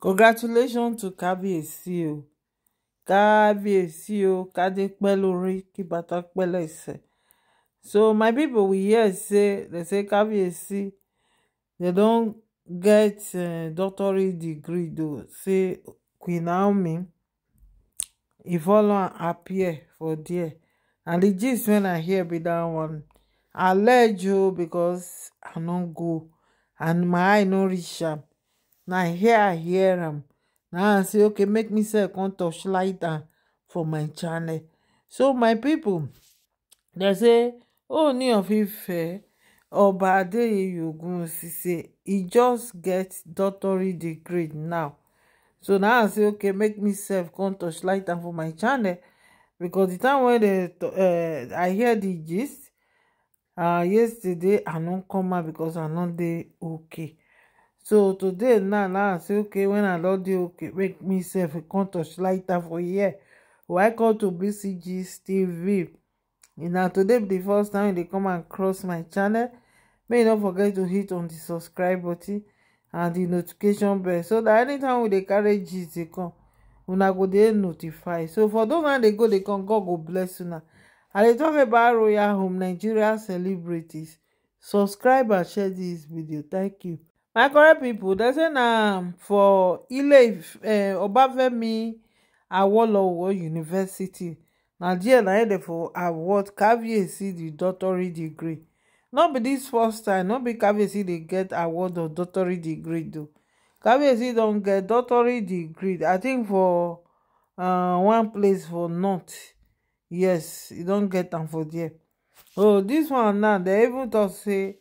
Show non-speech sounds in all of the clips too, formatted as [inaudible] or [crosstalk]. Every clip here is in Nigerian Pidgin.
congratulations to kábíyèsí o kábíyèsí o kádé pẹ́ lórí kí bàtà pẹ́ lẹ́sẹ̀ so my people we hear say they say kábíyèsí they don get uh, doctorate degree though say Queen Naomi e follow appear for there and the gist when i hear be that one allege o because i no go and my eye no reach am na here i hear am um, na i say okay make me sef come touch light am for my channel so my people, dem say oh of Ife Oba Adeyeye Ogunwusi say e just get doctorate degree now so na i say okay make me sef come touch light am for my channel because the time when they uh, i hear the gist uh, yesterday i no come out because i no dey okay so today now now i say okay wen i don dey okay make me sef come touch lighter for here welcome to bcg tv na today be di first time they dey come and cross my channel make you no forget to hit on the subscribe button and the notification bell so dat anytime we dey carry gist dey come una go dey notify so for those na dey go dey come god go bless una i dey talk about royal home nigeria celebrities subscribe and share this video thank you my correct people, dem say na for ile eh, obafemi awolowo university na there na dem for award caviarcy the doctorate degree no be this first time no be caviarcy dey get award of doctorate degree though caviarcy don get doctorate degree i think for uh one place for north yes e don get am for there oh this one now dem even tok say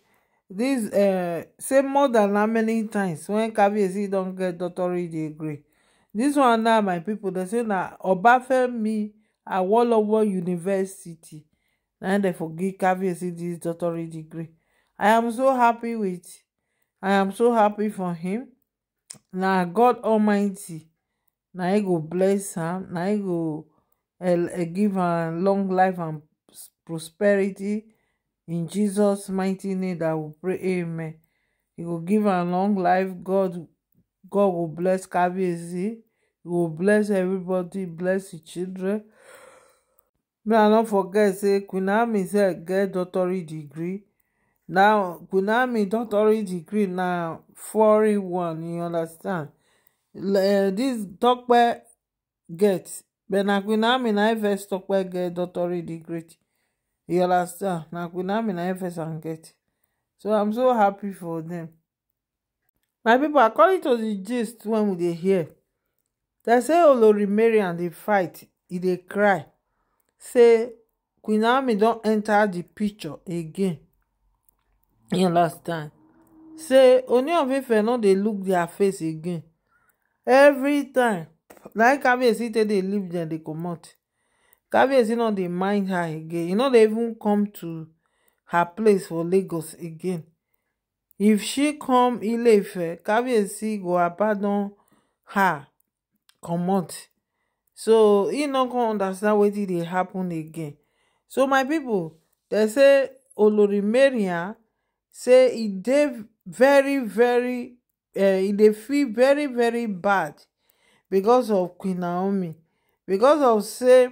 uh say more than how many times when kabiyesi don get doctorate degree this one now my people dey say na obafemi awolowo university na im dem for give kabiyesi this doctorate degree i am so happy with i am so happy for him na god almighty na he go bless am na he go eh, give am long life and prosperity in jesus mighty name that we pray amen he will give a long life god god will bless kabiyesi he will bless everybody bless the children make i not forget say queen naomi sef get doctorate degree now queen naomi doctorate degree Now, foreign one you understand uh, this Tope get but na queen naomi na first Tope get doctorate degree you understand na kunami na efes and get so i'm so happy for dem. my pipo according to di gist wey we dey hear dem say olori and dey fight e dey cry say kiname don enta di picture again you understand say oni of fefe no dey look dia face again every time like e ka dey leave dem dey comot. kabiyesi no dey mind her again e no dey even come to her place for lagos again if she come ileife kabiyesi go abandon her comot so he no go understand wetin dey happen again so my people, they say olori mariam say he dey very very eh, e dey feel very very bad because of queen naomi because of say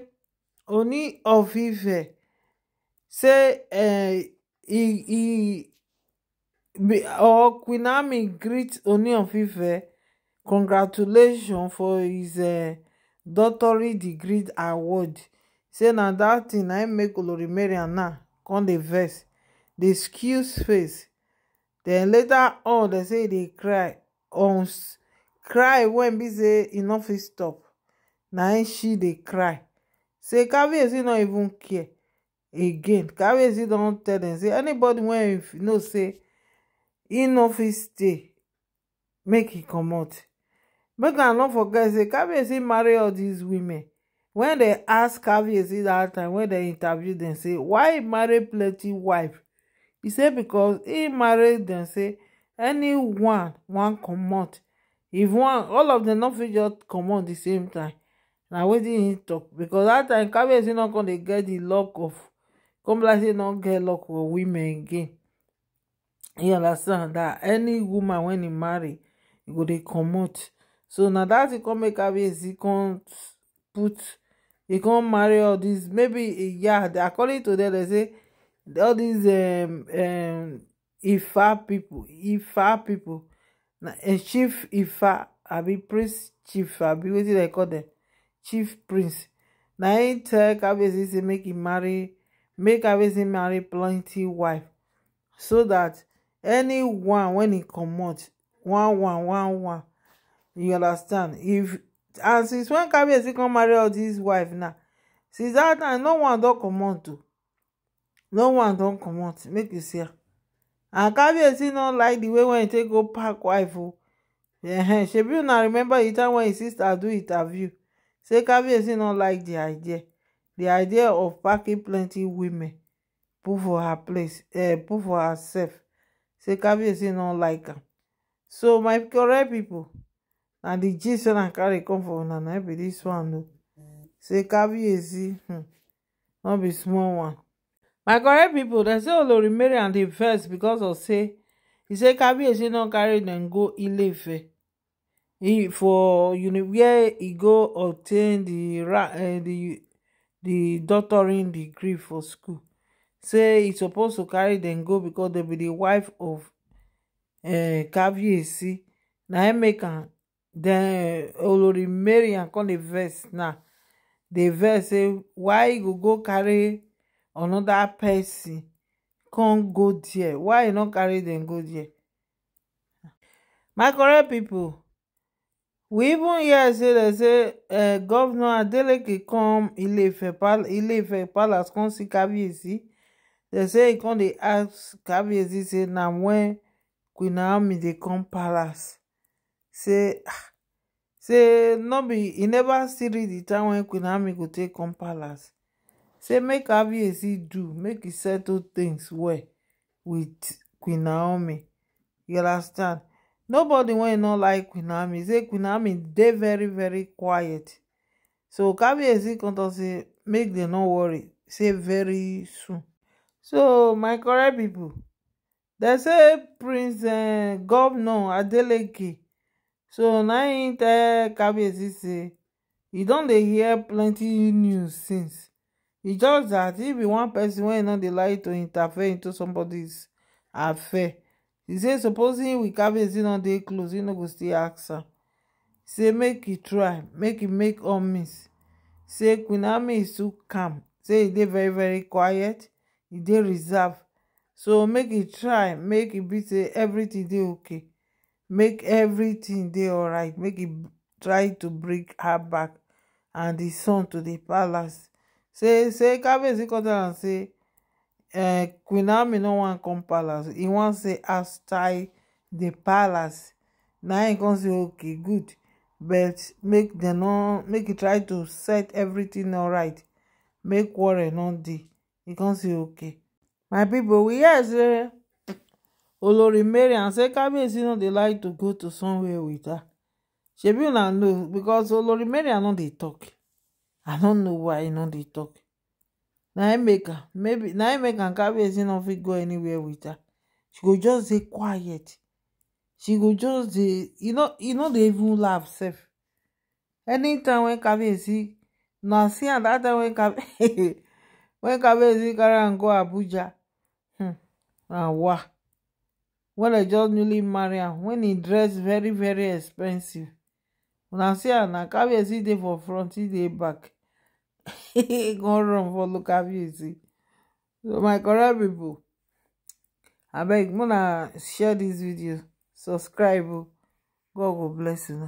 Oni of se eh uh, he, he be, or Queen Naomi greet Oni of congratulation for his uh, eh, doctorate degree award say na dat tin na im make olorimeria now come dey vex dey excuse face Then later on dem say e dey cry on cry when be say e no fit stop na im she dey cry say Kabiyesi no even care again Kabiyesi don tell dem say anybody wey you know say e no fit stay make e comot make i no forget say Kabiyesi marry all these women When dem ask Kabiyesi dat time when dem interview dem say why e marry plenty wife He say because he marry dem say anyone wan comot if one all of dem no fit just comot di same time na wetin he tok becos dat time kabiyesi no come dey get the luck of komplace no get luck for women again you understand that any woman when he marry he go dey comot so na that he come make he come put he come marry all dis maybe yeah according to them. They say all these um, um, ifa people, ifa pipo na eh, chief ifa abi priest chief abi wetin they call them chief prince na him tell kabezi say make him marry make kabezi marry plenty wife so that anyone wen e comot one one one one you understand if and since wen kabezi come marry all these wife now since that time no one don comot to, no one don comot make you see am and kabiyesi no like the way when he take go pack wife o oh. yeah, shebi una remember the time when his sister do interview say kabiyesi no like di idea di idea of packing plenty women put for her place uh, put for herself say kabiyesi no like am so my correct pipo na di gist wey i carry come for una na be dis one o say kabiyesi hmm, no be small one my correct pipo dem say olori Mariam dey vex because of say e say kabiyesi no carry dem go Ile-Ife he for uni wia e go obtain the di eh, the the doctoring degree for school say e supposed to carry dem go because they be the wife of caviarcy eh, na im make am then eh, olori mary am come the verse now The verse say why you e go carry another person? come go there why e no carry dem go there my correct people. we even hear say say say eh, govnor adeleke come ileife palace come see kabiyesi dem say e come dey ask kabiyesi say na wen queen naomi dey come palace say ah, say no be e never still read the time wen queen naomi go take come palace say make kabiyesi do make e settle things well with queen naomi you understand. nobody wey no like queen army say queen army dey very very quiet so kabiyesi come talk say make dem no worry say very soon so my correct people, dem say prince eh, govnor adeleke so na im tell kabiyesi say he don dey hear plenty news since e just that e be one person wey no dey like to interfere into somebody's affair He say supposing we kabezi no dey close e no go still ask am say make e try make e make all miss say queen ami is too calm say he dey very very quiet He dey reserved so make e try make e be say everything dey okay make everything dey alright make e try to bring her back and di son to the palace say say can't visit tell am say Uh, queen army no wan come palace e wan say as the palace Now he come say okay good but make dem no make e try to set everything all right. make worry no dey He come say okay my people, we hear say olori Mary? mariam say kabiyesi no dey like to go to somewhere with her shebi una know because olori Mary I no dey talk i don't know why I no dey talk na im make am maybe na make am no fit go anywhere with her she go just dey quiet she go just dey e no dey even laugh sef anytime wey kabiyesi na see am dat time wen kabiyesi [laughs] carry am go abuja hmm na wa wen i just newly marry am wen e dress very very expensive una see am na kabiyesi dey for front e dey back e [laughs] run run for local beauty so my correct pipo abeg mu na share dis video subscribe o oh. god go bless you.